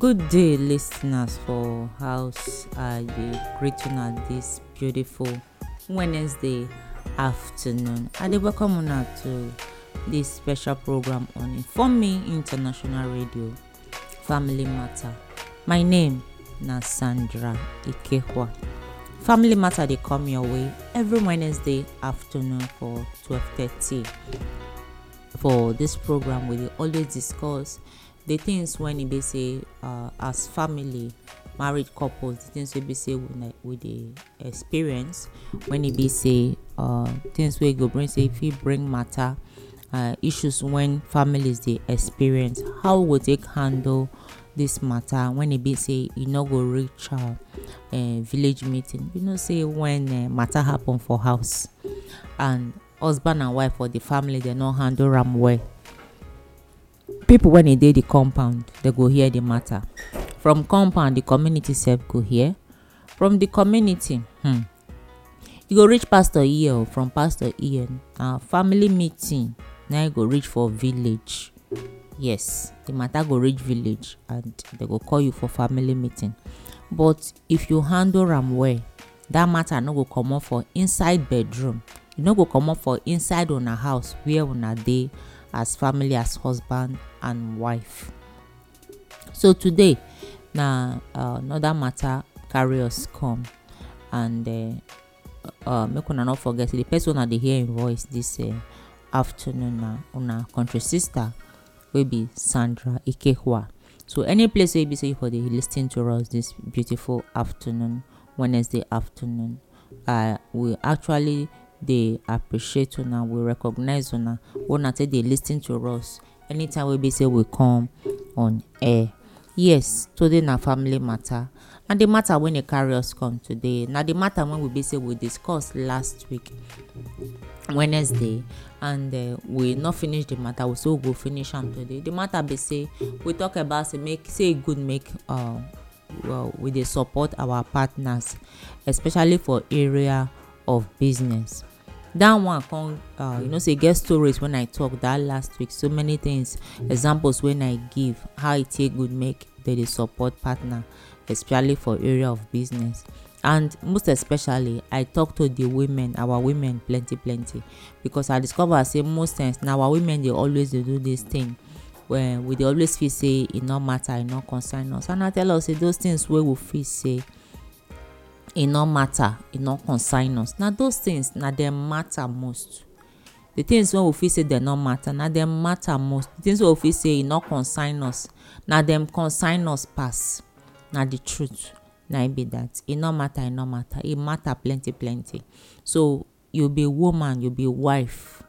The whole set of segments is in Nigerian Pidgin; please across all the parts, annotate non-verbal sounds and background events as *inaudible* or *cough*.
Good day, listeners, for house are you greeting at this beautiful Wednesday afternoon? And they welcome una to this special program on Inform International Radio Family Matter. My name na Sandra Ikehwa. Family Matter dey come your way every Wednesday afternoon for twelve thirty. For this program, we dey always discuss the things when e be say uh, as family married couples the things wey be say we, we dey experience when e be say uh, things wey e go bring say e fit bring matter uh, issues when families dey experience how we go take handle this matter when e be say e no go reach uh, uh, village meeting you know say when uh, matter happen for house and husband and wife or the family dey no handle am well people when they dey the compound they go hear the matter from compound the community sef go hear from the community hmm, e go reach pastor Ian. Oh, from pastor Ian, na family meeting Now you go reach for village yes the matter go reach village and they go call you for family meeting but if you handle am well that matter no go comot for inside bedroom e no go comot for inside una house where una dey as family as husband and wife so today na uh, another matter carry us come and uh, uh, make una no forget the person una dey hear im voice this uh, afternoon na una country sister wey be sandra ikehua so any place wey e be say you for dey lis ten to us this beautiful afternoon wednesday afternoon uh, we actually dey appreciate una we recognize una wey una take dey lis ten to us anytime wey be say we come on air. yes today na family matter And the matter wey dey carry us come today na the matter wey we be say we discuss last week wednesday and uh, we no finish the matter we still go finish am today the matter be say we talk about say make say e good make uh, well, we dey support our partners especially for area of business that one come uh, you know say get stories when i talk that last week so many things examples when i give how e take good make they dey support partner especially for area of business and most especially i talk to the women our women plenty plenty because i discover say most times na our women dey always dey do this thing when we dey always feel say e no matter e no concern us and i tell us say those things wey we feel say e no matter e no concern us na those things na dem matter most the things wey we feel say dem no matter na dem matter most the things wey we feel say e no concern us na dem concern us pass na the truth na im e be that e no matter e no matter e matter plenty plenty so you be woman you be wife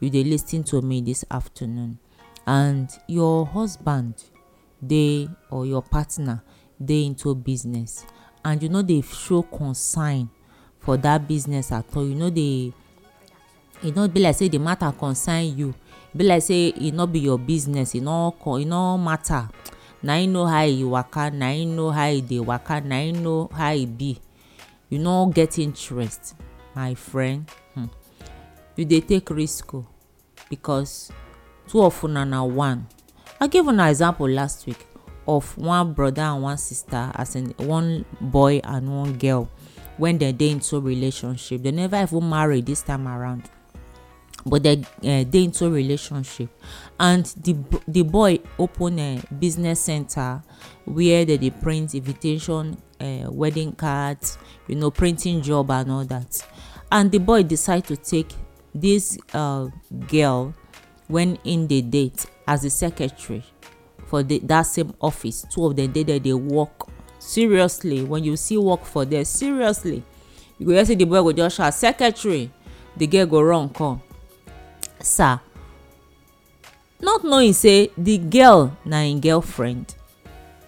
you dey lis ten to me this afternoon and your husband dey or your partner dey into business and you no dey show concern for that business at all you no dey e no be like say the matter concern you e be like say e no be your business e no e no matter na you e know how e waka na you e know how e dey waka na him know how e be you no get interest my friend hmm. you dey take risk o because two of una na one i give una example last week of one brother and one sister as in one boy and one girl when dem dey into relationship dem never even marry this time around but dem uh, dey into relationship and the the boy open a business center where dem dey print invitation uh, wedding cards you know printing job and all that and the boy decide to take this uh, girl when in dey date as a secretary for the, that same office two of them dey there dey work seriously when you see work for there seriously you go hear say the boy go just shout secretary the girl go run come sir not knowing say the girl na im girlfriend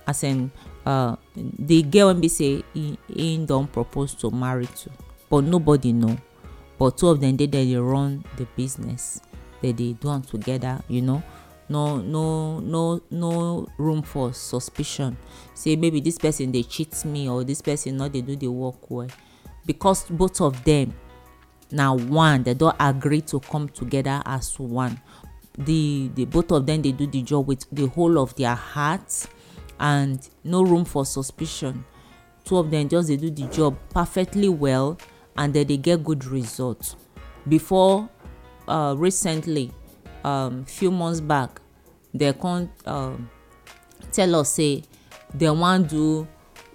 as in uh, the girl wey be say im don propose to marry to but nobody know but two of them dey there dey run the business They dey do am together you know no no no no room for suspicion say maybe this person dey cheat me or this person no dey do the work well because both of them na one they don agree to come together as one the the both of them dey do the job with the whole of their heart and no room for suspicion two of them just dey do the job perfectly well and they dey get good result before uh, recently um, few months back dem come um, tell us say dem wan do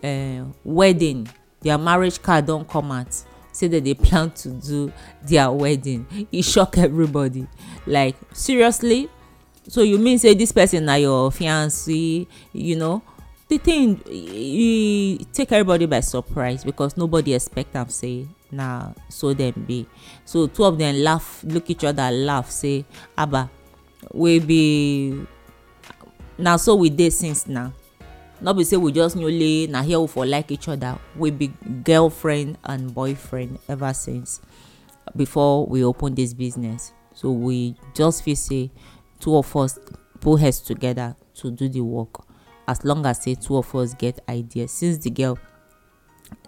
uh, wedding their marriage card don come out say dem dey plan to do their wedding e shock everybody like seriously so you mean say this person na your fiancé you know the thing e take everybody by surprise because nobody expect am say na so dem be so two of dem laugh look each other laugh say haba we be na so we dey since now no be say we just newly na here we for like each other we be girlfriend and boyfriend ever since before we open this business so we just feel say two of us put heads together to do the work as long as say two of us get ideas since the girl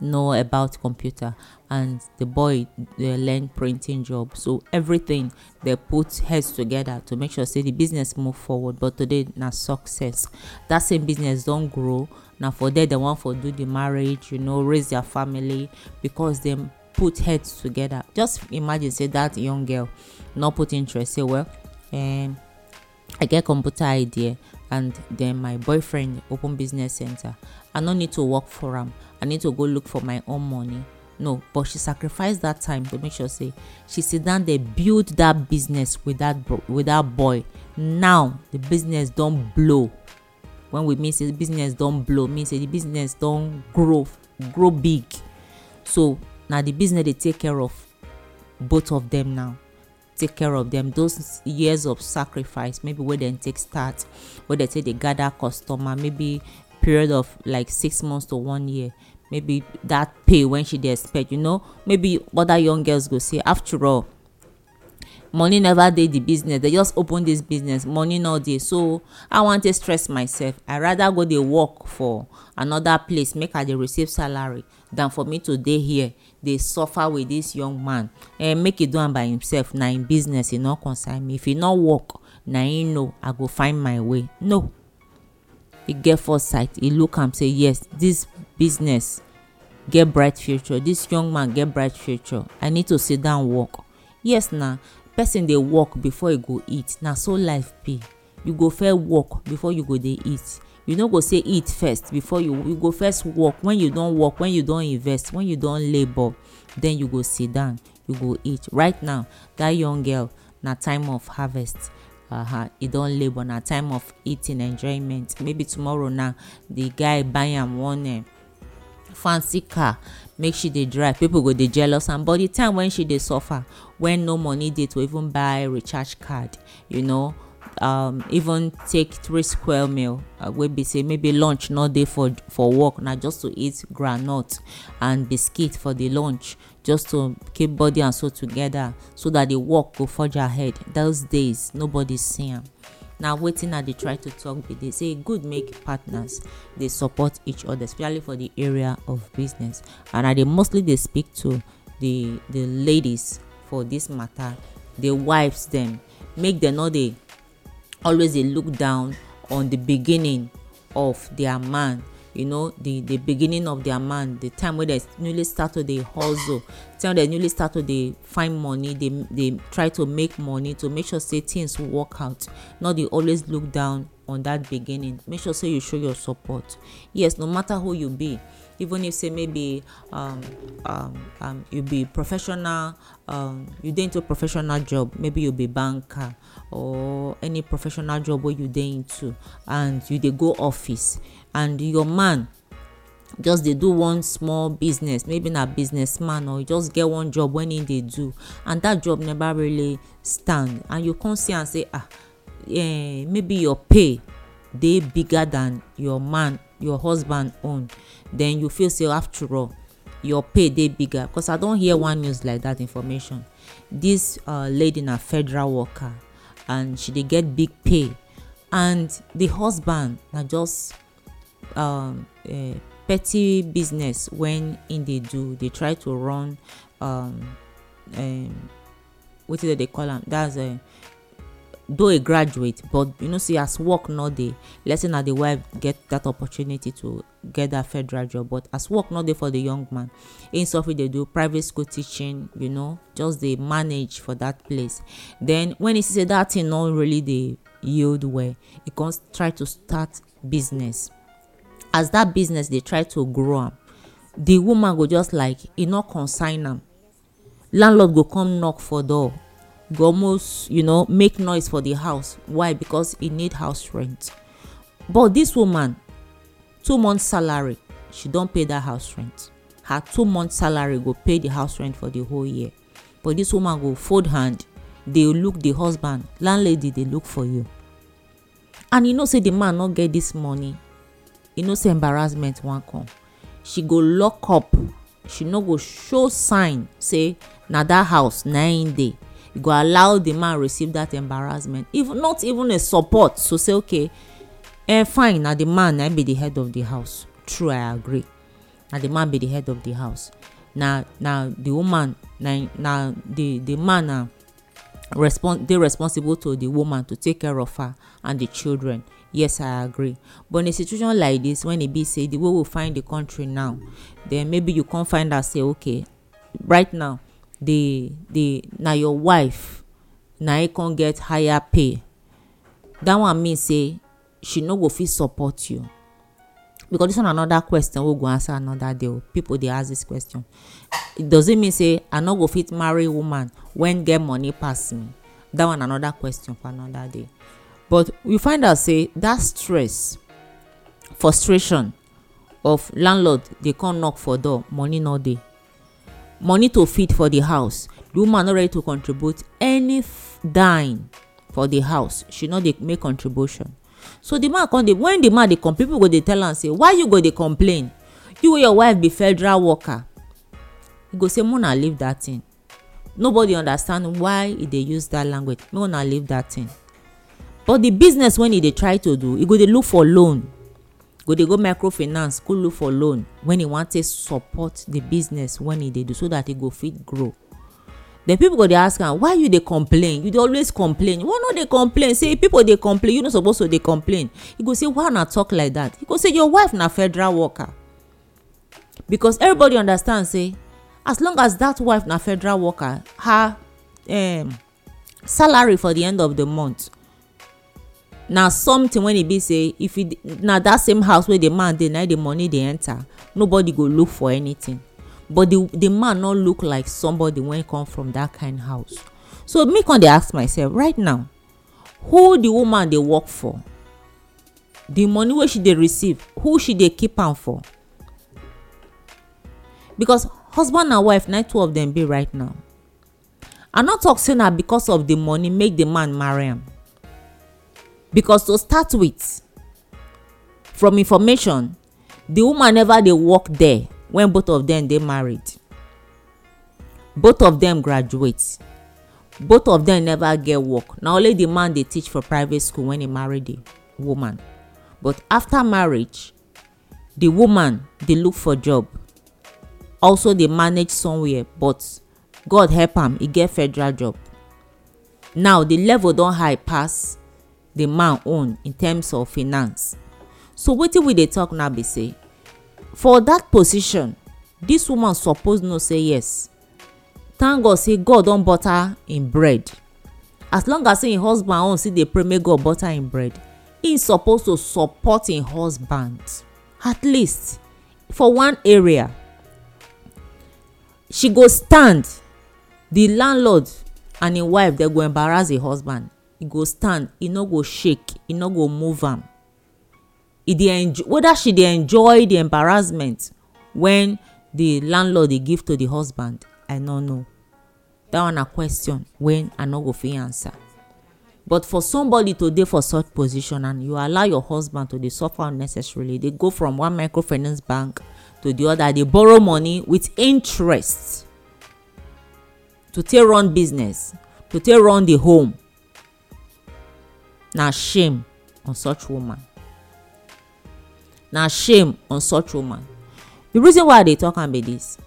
know about computer and the boy dey learn printing job so everything dey put heads together to make sure say the business move forward but today na success that same business don grow na for there dem wan for do the marriage you know raise their family because dem put heads together just imagine say that young girl no put interest say well um, i get computer idea and then my boyfriend open business center i no need to work for am i need to go look for my own money no but she sacrifice that time to make sure say she sit down dey build that business with that with that boy now the business don blow when we mean say business don blow mean say the business don grow grow big so na the business dey take care of both of them now take care of them those years of sacrifice maybe wey dem take start wey dem take dey gather customer maybe period of like six months to one year maybe that pay when she dey expect you know maybe other young girls go say after all money never dey the business they just open this business money no dey so i wan take stress myself i rather go dey work for another place make i dey receive salary than for me to dey here dey suffer with this young man eh make he do am by himself na him business he no concern me if he no work na him know i go find my way no he get foresight he look am say yes this business get bright future this young man get bright future i need to sit down work yes na person dey work before e go eat na so life be you go first work before you go dey eat you no go say eat first before you you go first work when you don work when you don invest when you don labour then you go sit down you go eat right now that young girl na time of harvest uh-huh. e don labour na time of eating enjoyment maybe tomorrow now the guy buy am one uh, fancy car make she dey drive people go dey jealous am but the time when she dey suffer when no money dey to even buy recharge card you know um, even take three square meal uh, wey be say maybe lunch no dey for for work na just to eat groundnut and biscuit for the lunch just to keep body and soul together so that the work go forge ahead those days nobody see am na wetin i dey try to talk be dey say e good make partners dey support each other especially for the area of business and i dey mostly dey speak to the the ladies for this matter the wives dem make dem no dey always dey look down on the beginning of their man you know the the beginning of their man the time wey dem newly start to dey hustle the time dem newly start to dey find money dey dey try to make money to make sure say things work out no dey always look down on that beginning make sure say you show your support yes no matter who you be even if say maybe um, um, um, you be professional um, you dey into professional job maybe you be banker or any professional job wey you dey into and you dey go office and your man just dey do one small business maybe na businessman or just get one job wey im dey do and that job never really stand and you come see am say ah eh, maybe your pay dey bigger than your man your husband own then you feel say after all your pay dey bigger because i don hear one news like that information this uh, lady na federal worker and she dey get big pay and the husband na just um, uh, petty business when im dey do dey try to run um, um, wetin dem dey call am that's uh, though a graduate but you know see, as work no dey let's say na the wife get that opportunity to get that federal job but as work no dey for the young man im suffer dey do private school teaching you know just dey manage for that place then when e see say that thing no really dey yield well e come try to start business as that business dey try to grow am the woman go just like e no consign am landlord go come knock for door we almost you know make noise for the house why because he need house rent but this woman two months salary she don pay that house rent her two months salary go pay the house rent for the whole year but this woman go fold hand dey look the husband landlady dey look for you and you know say the man no get this money you know say embarrassment wan come she go lock up she no go show sign say na that house na im dey go allow the man receive that embarrassment if not even a support to so say okay eh fine na the man na be the head of the house true i agree na the man be the head of the house na na the woman na na the the man na ah, respon dey responsible to the woman to take care of her and the children yes i agree but in a situation like this when e be say the way we find the country now then maybe you come find out say okay right now the the na your wife na e come get higher pay that one mean say she no go fit support you because this one another question wey we go answer another day people dey ask this question it doesn't mean say i no go fit marry woman wen get money pass me that one another question for another day but we find out say that stress frustration of landlord dey come knock for door money no dey money to feed for the house the woman no ready to contribute any dime for the house she no dey make contribution so the man come dey when the man dey come people go dey tell am say why you go dey complain you wey your wife be federal worker he go say make una leave that thing nobody understand why he dey use that language make una leave that thing but the business wey he dey try to do he go dey look for loan go dey go microfinance go look for loan when e wan take support the business when e dey do so that e go fit grow then people go dey ask am why you dey complain you dey always complain why no dey complain say people dey complain you no suppose to dey complain you go say why una talk like that you go say your wife na federal worker because everybody understand say as long as that wife na federal worker her um, salary for the end of the month na something when e be say if e na that same house wey the man dey na the money dey enter nobody go look for anything but the the man no look like somebody wey come from that kind house so me come dey ask myself right now who the woman dey work for the money wey she dey receive who she dey keep am for because husband and wife na two of them be right now i no talk say na because of the money make the man marry am because to start with from information the woman never dey work there when both of them dey married both of them graduate both of them never get work na only the man dey teach for private school when he marry the woman but after marriage the woman dey look for job also dey manage somewhere but god help am he get federal job now the level don high pass the man own in terms of finance so wetin we dey talk now be say for that position this woman suppose know say yes thank god say god don butter im bread as long as im husband own still dey pray make god butter im bread im suppose to support im husband at least for one area she go stand the landlord and im wife dem go embarrass the husband e go stand e no go shake e no go move am e dey enjoy whether she dey enjoy the embarrassment when the landlord dey give to the husband i no know that one na question wey i no go fit answer but for somebody to dey for such position and you allow your husband to dey suffer unnecessarily dey go from one microfinance bank to the other dey borrow money with interest to take run business to take run the home na shame on such woman na shame on such woman the reason why i dey talk am be this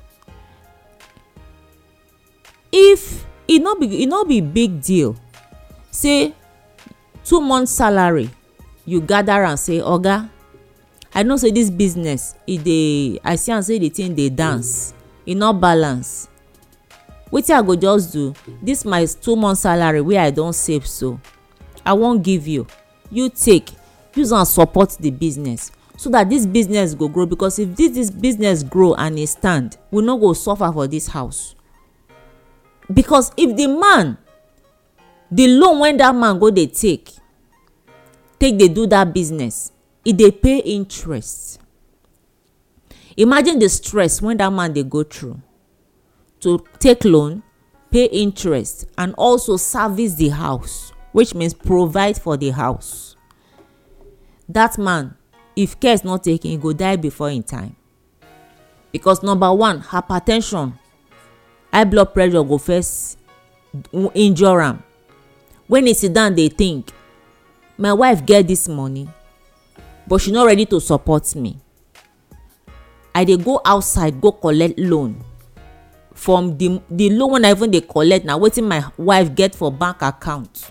if e no be e no be big deal say two months salary you gather am say oga i know say this business e dey i see am say the thing dey dance e no balance wetin i go just do this my two month salary wey i don save so i wan give you you take use am support the business so that this business go grow because if this this business grow and e stand we no go suffer for this house because if the man the loan wey that man go dey take take dey do that business e dey pay interest imagine the stress wey that man dey go through to take loan pay interest and also service the house which means provide for the house that man if care is not taken he go die before him time because number one hypertension high blood pressure go first injure am when he sit down dey think my wife get this money but she no ready to support me i dey go outside go collect loan from the the loan wey i even dey collect na wetin my wife get for bank account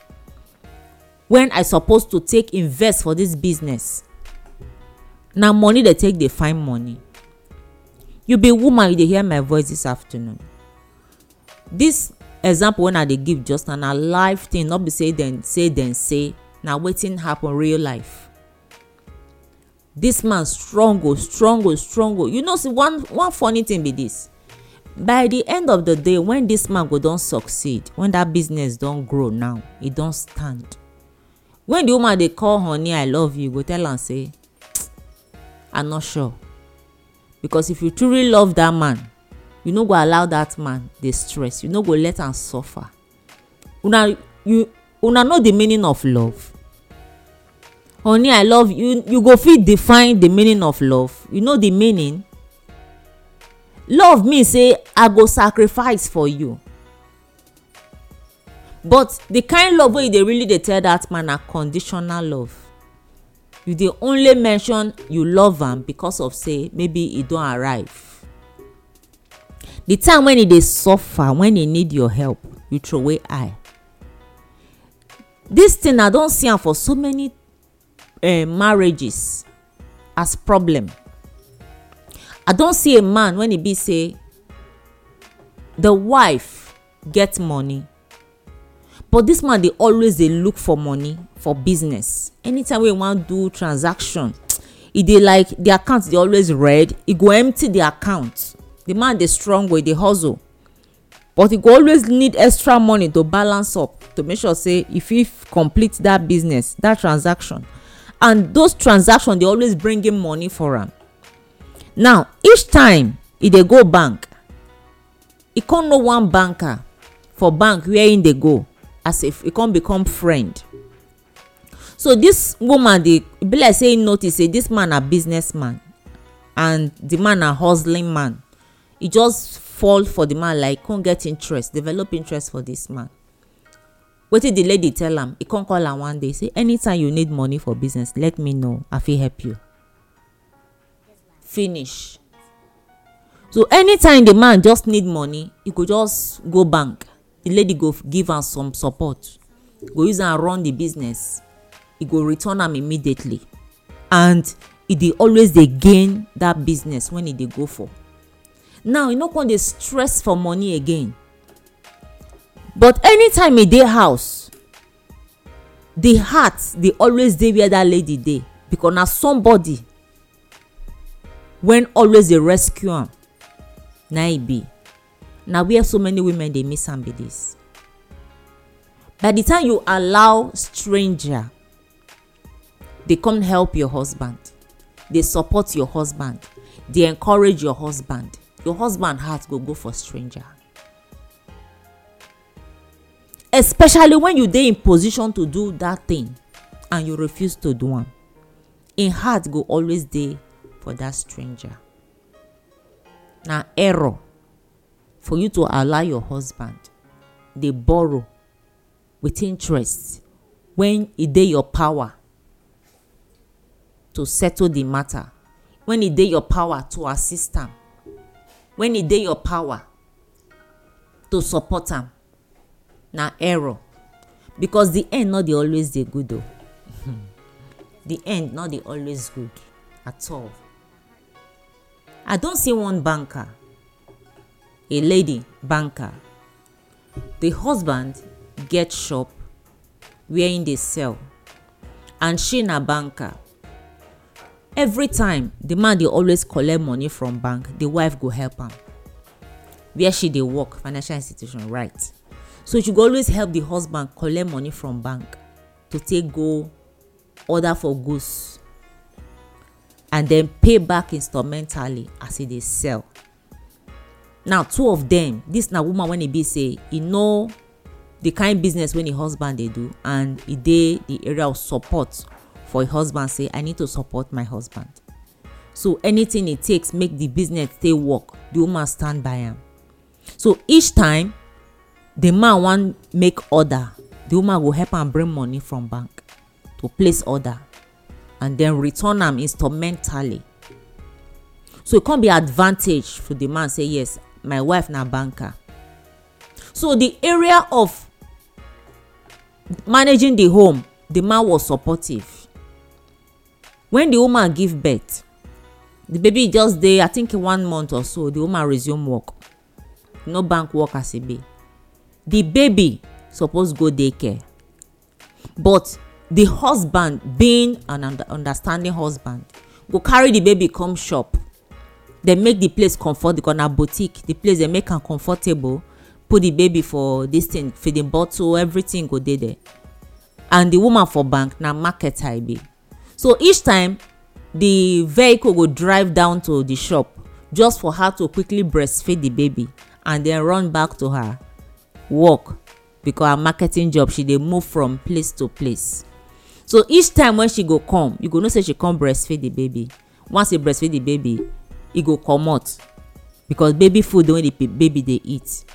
when i suppose to take invest for this business na money dey take dey find money you be woman you dey hear my voice this afternoon this example wey i dey give just na na life thing no be say dem say dem say na wetin happen real life this man strong o oh, strong o oh, strong o oh. you know see one one funny thing be this by the end of the day when this man go don succeed when that business don grow now e don stand when the woman dey call honey i love you you go tell am say i not sure because if you truly love that man you no go allow that man dey stress you no go let am suffer una you una know the meaning of love honey i love you you go fit define the meaning of love you know the meaning love mean say i go sacrifice for you but the kind love wey you dey really dey tell that man na conditional love you dey only mention you love am because of say maybe e don arrive the time when e dey suffer when e need your help you throw away. eye this thing i don see am for so many uh, marriages as problem i don see a man when e be say the wife get money but this man dey always dey look for money for business anytime wey he wan do transaction e *tsk* dey like the account dey always red e go empty the account the man dey strong well dey hustle but e go always need extra money to balance up to make sure say e fit complete that business that transaction and those transaction dey always bring in money for am now each time e dey go bank e come know one banker for bank where im dey go as if e come become friend so this woman dey be like say e notice say this man na business man and the man na hustling man e just fall for the man like come get interest develop interest for this man wetin the lady tell am e come call am one day say anytime you need money for business let me know i fit help you finish so anytime the man just need money e go just go bank the lady go give am some support go use am run the business e go return am immediately and e dey always dey gain that business when e dey go for now e no come dey stress for money again but anytime e dey house the heart dey always dey where that lady dey because na somebody wen always dey rescue am na e be na where so many women dey miss am be this by the time you allow stranger dey come help your husband dey support your husband dey encourage your husband your husband heart go go for stranger especially when you dey in position to do that thing and you refuse to do am im heart go always dey for that stranger na error for you to allow your husband dey borrow with interest when e dey your power to settle the matter when e dey your power to assist am when e dey your power to support am na error because the end no dey always dey good o *laughs* the end no dey always good at all i don see one banker a lady banker the husband get shop where him dey sell and she na banker every time the man dey always collect money from bank the wife go help am where she dey work financial institution right so she go always help the husband collect money from bank to take go order for goods and then pay back instrumentally as e dey sell now two of them. This na woman wen e be say e know the kind business wey im e husband dey do and e dey the area of support for im e husband say i need to support my husband so anything e takes make the business take work the woman stand by am so each time the man wan make order the woman go help am bring money from bank to place order and then return am instrumentally so e come be advantage for the man say yes my wife na banker so the area of managing the home the man was supportive when the woman give birth the baby just dey i think one month or so the woman resume work no bank work as e be the baby suppose go daycare but the husband being an understanding husband go carry the baby come shop dem make the place comfort because na boutique the place dem make am comfortable put the baby for this thing feeding bottle everything go dey there and the woman for bank na marketer I be so each time the vehicle go drive down to the shop just for her to quickly breastfeed the baby and then run back to her work because her marketing job she dey move from place to place so each time when she go come you go know say she come breastfeed the baby once she breastfeed the baby e go comot because baby food wey the baby dey eat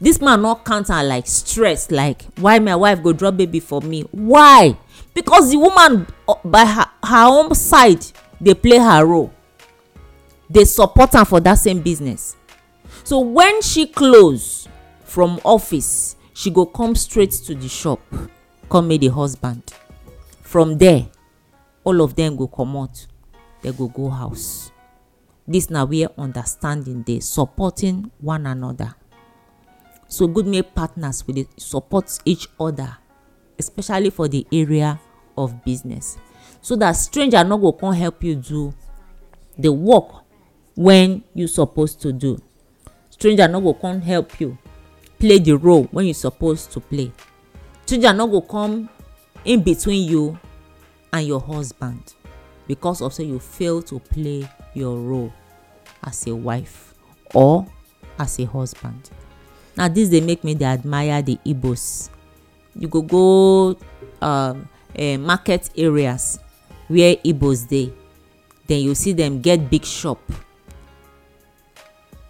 this man no count am like stress like why my wife go drop baby for me why because the woman uh, by her her own side dey play her role dey support am for that same business so when she close from office she go come straight to the shop come meet the husband from there all of them go comot they go go house This na where understanding dey supporting one another. So good make partners will dey support each other especially for the area of business so that stranger no go come help you do the work when you suppose to do stranger no go come help you play the role when you suppose to play stranger no go come in between you and your husband because of say you fail to play your role as a wife or as a husband na this dey make me dey admire the igbos you go go um, uh, market areas where igbos dey then you see dem get big shop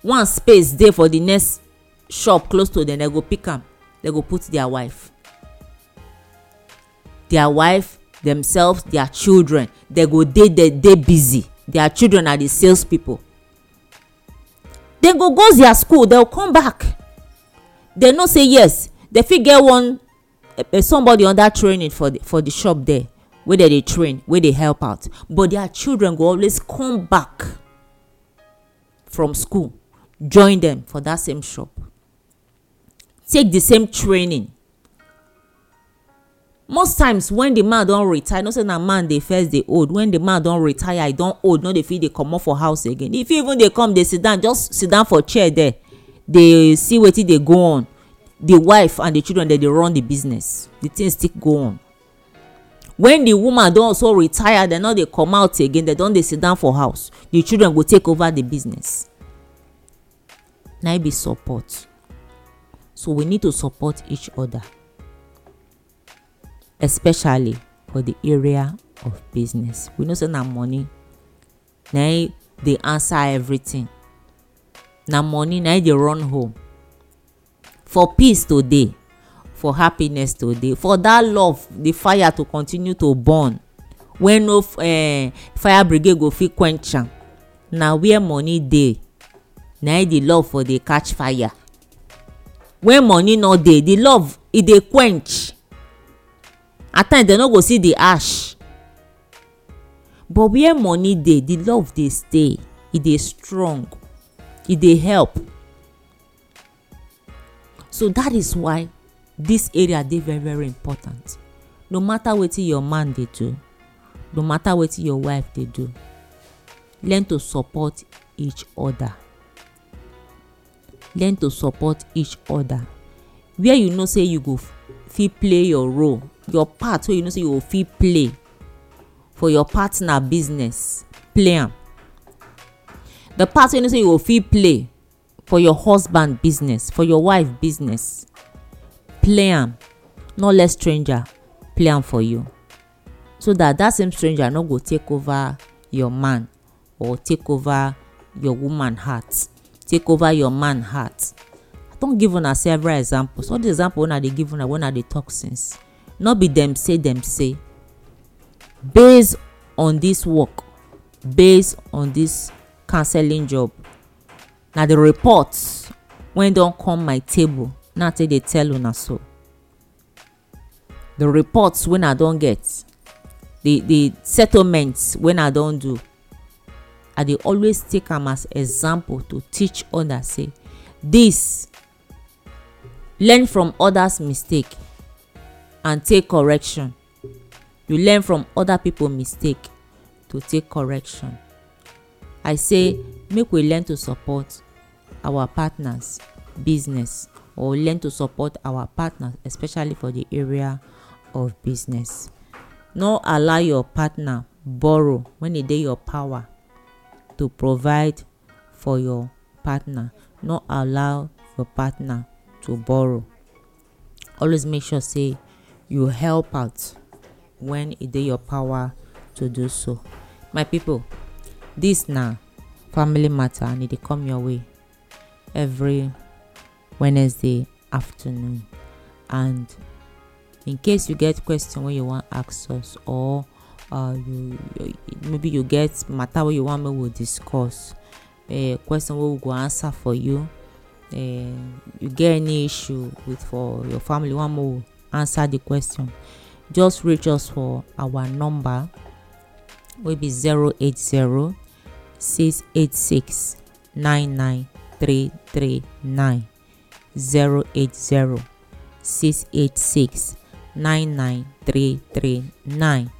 one space dey for the next shop close to dem dem go pick am dem go put their wife their wife themselves their children dem go dey there dey busy their children na the sales people dem go go their school dem come back dem know say yes dem fit get one eh, eh, somebody under training for the for the shop there wey dem dey train wey dey help out but their children go always come back from school join dem for that same shop take the same training most times when the man don retire no say na man dey first dey old when the man don retire e don old no dey fit dey comot for house again if you even dey come dey sit down just sit down for chair there dey see wetin dey go on the wife and the children dem dey run the business the thing still go on when the woman don also retire dem no dey come out again dem don dey sit down for house the children go take over the business na e be support so we need to support each other especially for the area of business we know say na money na e dey answer everything na money na e dey run home for peace to dey for happiness to dey for that love the fire to continue to burn wey no uh, fire brigade go fit quench am na where money dey na e the love for dey catch fire when money no dey the love e dey quench at times dem no go see the ash but where money dey the love dey stay e dey strong e dey help so that is why this area dey very very important no matter wetin your man dey do no matter wetin your wife dey do learn to support each other learn to support each other where you know say you go fit play your role your part wey you know say you go fit play for your partner business play am the part wey you know say you go fit play for your husband business for your wife business play am no let stranger play am for you so that that same stranger no go take over your man or take over your woman heart take over your man heart i don give una several examples all the example una dey give una wey una dey talk since no be dem say dem say based on this work based on this counseling job na the report wey don come my table na i take dey tell una so the report wey i don get the the settlement wey i don do i dey always take am as example to teach others say this learn from others mistake and take correction you learn from other people mistake to take correction i say make we learn to support our partners business or learn to support our partners especially for the area of business no allow your partner borrow when e dey your power to provide for your partner no allow your partner to borrow always make sure say you help out when e dey your power to do so. My people, this na family matter and e dey come your way every Wednesday afternoon. And in case you get question wey you wan ask us or uh, you, you maybe you get matter wey you wan make we discuss uh, question wey we go answer for you uh, you get any issue with for your family one more answer the question just reach us for our number wey be zero zero zero zero eight eight eight eight six six six nine nine nine three three six nine nine three three nine.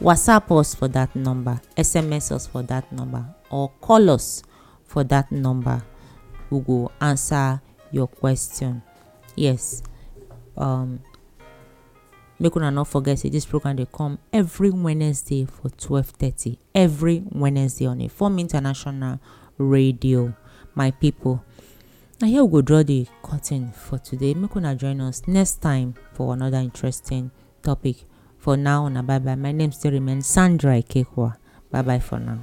whatsapp us for that number sms us for that number or call us for that number we go answer your question yes um, make una no forget say dis program dey come every wednesday for twelve thirty. every wednesday on inform international radio my people. na here we go draw the curtain for today make una join us next time for another interesting topic for now na bye bye my name still remain sandra ikekwa bye bye for now.